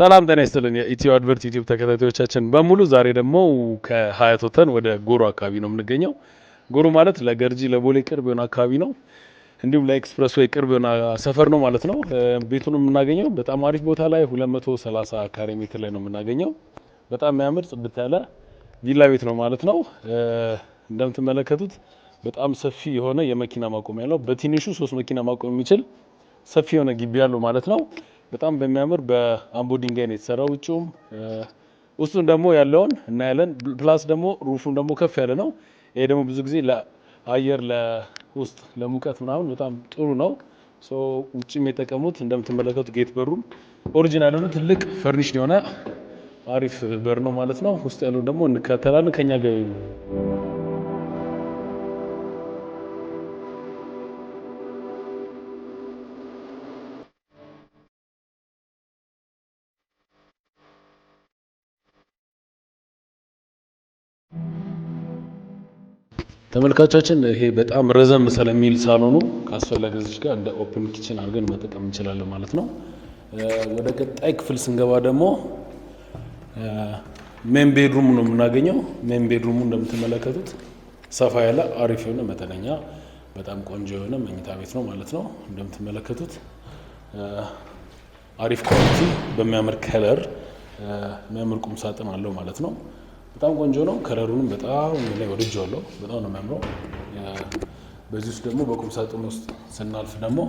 ሰላም ጤና ይስጥልን የኢትዮ አድቨርት ዩቲዩብ ተከታታዮቻችን በሙሉ፣ ዛሬ ደግሞ ከሀያት ወተን ወደ ጎሮ አካባቢ ነው የምንገኘው። ጎሮ ማለት ለገርጂ ለቦሌ ቅርብ የሆነ አካባቢ ነው፣ እንዲሁም ለኤክስፕረስ ወይ ቅርብ የሆነ ሰፈር ነው ማለት ነው። ቤቱን የምናገኘው በጣም አሪፍ ቦታ ላይ 230 ካሬ ሜትር ላይ ነው የምናገኘው። በጣም የሚያምር ጽድት ያለ ቪላ ቤት ነው ማለት ነው። እንደምትመለከቱት በጣም ሰፊ የሆነ የመኪና ማቆሚያ ነው በትንሹ ሶስት መኪና ማቆም የሚችል ሰፊ የሆነ ግቢ ያለው ማለት ነው። በጣም በሚያምር በአምቦ ድንጋይ ነው የተሰራው። ውጭውም ውስጡን ደግሞ ያለውን እናያለን። ፕላስ ደግሞ ሩፉም ደግሞ ከፍ ያለ ነው። ይሄ ደግሞ ብዙ ጊዜ ለአየር ለውስጥ ለሙቀት ምናምን በጣም ጥሩ ነው። ውጭም የጠቀሙት እንደምትመለከቱ ጌት በሩም ኦሪጂናል ሆነ ትልቅ ፈርኒሽ የሆነ አሪፍ በር ነው ማለት ነው። ውስጥ ያለው ደግሞ እንከተላለን ከኛ ገቢ ተመልካቻችን ይሄ በጣም ረዘም ስለሚል ሳሎኑ ካስፈለገ እዚህ ጋር እንደ ኦፕን ኪችን አድርገን መጠቀም እንችላለን ማለት ነው። ወደ ቀጣይ ክፍል ስንገባ ደግሞ ሜን ቤድሩም ነው የምናገኘው። ሜን ቤድሩሙ እንደምትመለከቱት ሰፋ ያለ አሪፍ የሆነ መጠነኛ በጣም ቆንጆ የሆነ መኝታ ቤት ነው ማለት ነው። እንደምትመለከቱት አሪፍ ኳሊቲ በሚያምር ከለር የሚያምር ቁም ሳጥን አለው ማለት ነው። በጣም ቆንጆ ነው። ከለሩንም በጣም ላይ አለው። በጣም ነው የሚያምረው። በዚህ ውስጥ ደግሞ በቁም ሳጥን ውስጥ ስናልፍ ደግሞ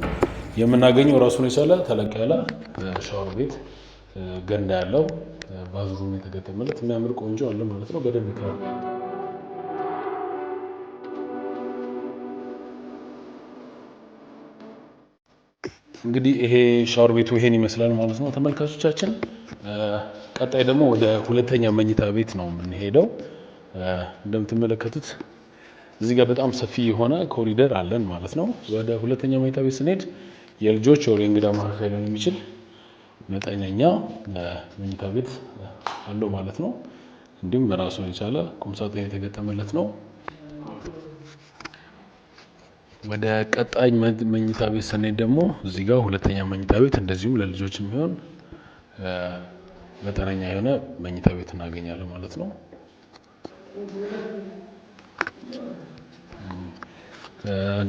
የምናገኘው ራሱን የቻለ ተለቅ ያለ ሻወር ቤት ገንዳ ያለው ባዙሩ የተገጠመለት የሚያምር ቆንጆ አለ ማለት ነው። በደንብ ይታያል። እንግዲህ ይሄ ሻወር ቤቱ ይሄን ይመስላል ማለት ነው ተመልካቾቻችን። ቀጣይ ደግሞ ወደ ሁለተኛ መኝታ ቤት ነው የምንሄደው። እንደምትመለከቱት እዚህ ጋር በጣም ሰፊ የሆነ ኮሪደር አለን ማለት ነው። ወደ ሁለተኛ መኝታ ቤት ስንሄድ የልጆች ወሬ እንግዳ ማካከል ሊሆን የሚችል መጠነኛ መኝታ ቤት አለው ማለት ነው። እንዲሁም ራሱን የቻለ ቁምሳጥን የተገጠመለት ነው። ወደ ቀጣይ መኝታ ቤት ስንሄድ ደግሞ እዚህ ጋር ሁለተኛ መኝታ ቤት እንደዚሁም ለልጆች የሚሆን መጠነኛ የሆነ መኝታ ቤት እናገኛለን ማለት ነው።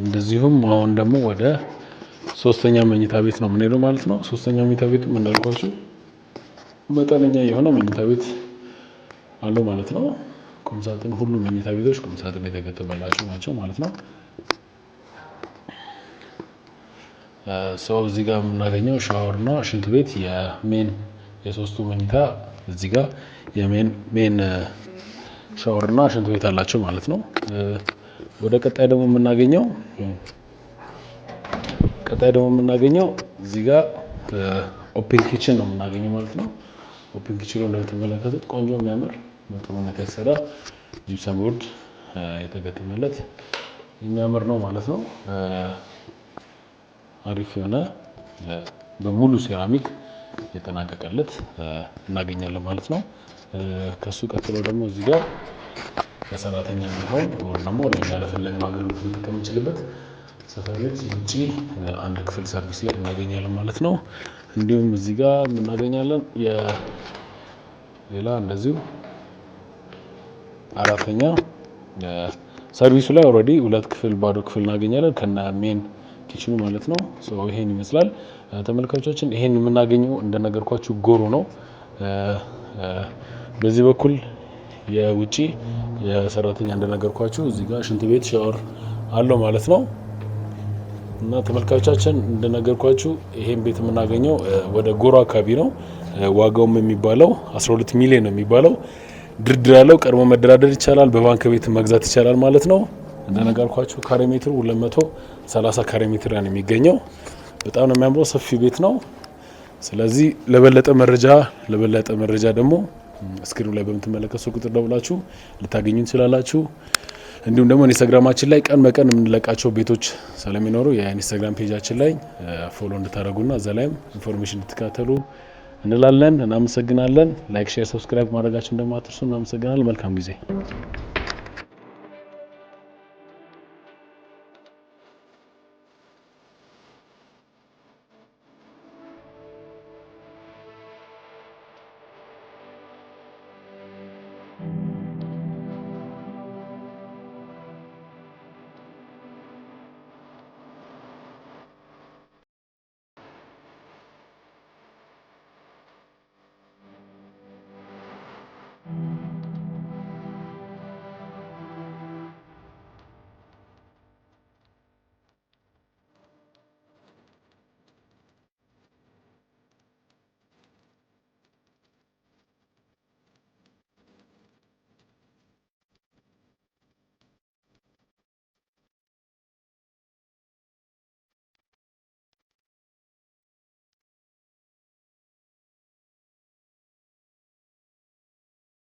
እንደዚሁም አሁን ደግሞ ወደ ሶስተኛ መኝታ ቤት ነው የምንሄደው ማለት ነው። ሶስተኛ መኝታ ቤት እንዳልኳችሁ መጠነኛ የሆነ መኝታ ቤት አለው ማለት ነው። ቁምሳጥን ሁሉ መኝታ ቤቶች ቁምሳጥን የተገጠመላቸው ናቸው ማለት ነው። ሰው እዚህ ጋር የምናገኘው ሻወር ሽንት ቤት የሜን የሶስቱ መኝታ እዚህ ጋር የሜን ሜን ሻወር ሽንት ቤት አላቸው ማለት ነው። ወደ ቀጣይ ደግሞ የምናገኘው ቀጣይ ደግሞ የምናገኘው እዚህ ጋር ኦፕን ኪችን ነው የምናገኘው ማለት ነው። ኦፕን ኪችን እንደምትመለከቱት ቆንጆ የሚያምር በጥሩነት የተሰራ ጂፕሰን ቦርድ የተገጠመለት የሚያምር ነው ማለት ነው። አሪፍ የሆነ በሙሉ ሴራሚክ የተጠናቀቀለት እናገኛለን ማለት ነው። ከሱ ቀጥሎ ደግሞ እዚህ ጋር ለሰራተኛ የሚሆን ወይም ደግሞ ለእኛ ለፈለግነው አገልግሎት ልንጠቀም የምንችልበት ሰፈሮች ውጪ አንድ ክፍል ሰርቪስ ላይ እናገኛለን ማለት ነው። እንዲሁም እዚህ ጋር የምናገኛለን ሌላ እንደዚሁ አራተኛ ሰርቪሱ ላይ ኦልሬዲ ሁለት ክፍል ባዶ ክፍል እናገኛለን ከነ ሜን ኪችኑ ማለት ነው። ይሄን ይመስላል ተመልካቾችን ይሄን የምናገኘው እንደነገርኳችሁ ጎሮ ነው። በዚህ በኩል የውጪ የሰራተኛ እንደነገርኳችሁ እዚህ ጋር ሽንት ቤት ሻወር አለው ማለት ነው። እና ተመልካቾቻችን እንደነገርኳችሁ ይሄን ቤት የምናገኘው ወደ ጎሮ አካባቢ ነው። ዋጋውም የሚባለው 12 ሚሊዮን ነው የሚባለው። ድርድር አለው። ቀድሞ መደራደር ይቻላል። በባንክ ቤት መግዛት ይቻላል ማለት ነው። እንደነገርኳችሁ ካሬ ሜትሩ 230 ካሬ ሜትር ነው የሚገኘው። በጣም ነው የሚያምረው ሰፊ ቤት ነው። ስለዚህ ለበለጠ መረጃ ለበለጠ መረጃ ደግሞ ስክሪኑ ላይ በምትመለከቱ ቁጥር ደውላችሁ ልታገኙ እንችላላችሁ። እንዲሁም ደግሞ ኢንስታግራማችን ላይ ቀን በቀን የምንለቃቸው ቤቶች ስለሚኖሩ የኢንስታግራም ፔጃችን ላይ ፎሎ እንድታደርጉና እዛ ላይም ኢንፎርሜሽን እንድትካተሉ እንላለን። እናመሰግናለን። ላይክ፣ ሼር፣ ሰብስክራይብ ማድረጋችሁ እንደማትርሱ እናመሰግናለን። መልካም ጊዜ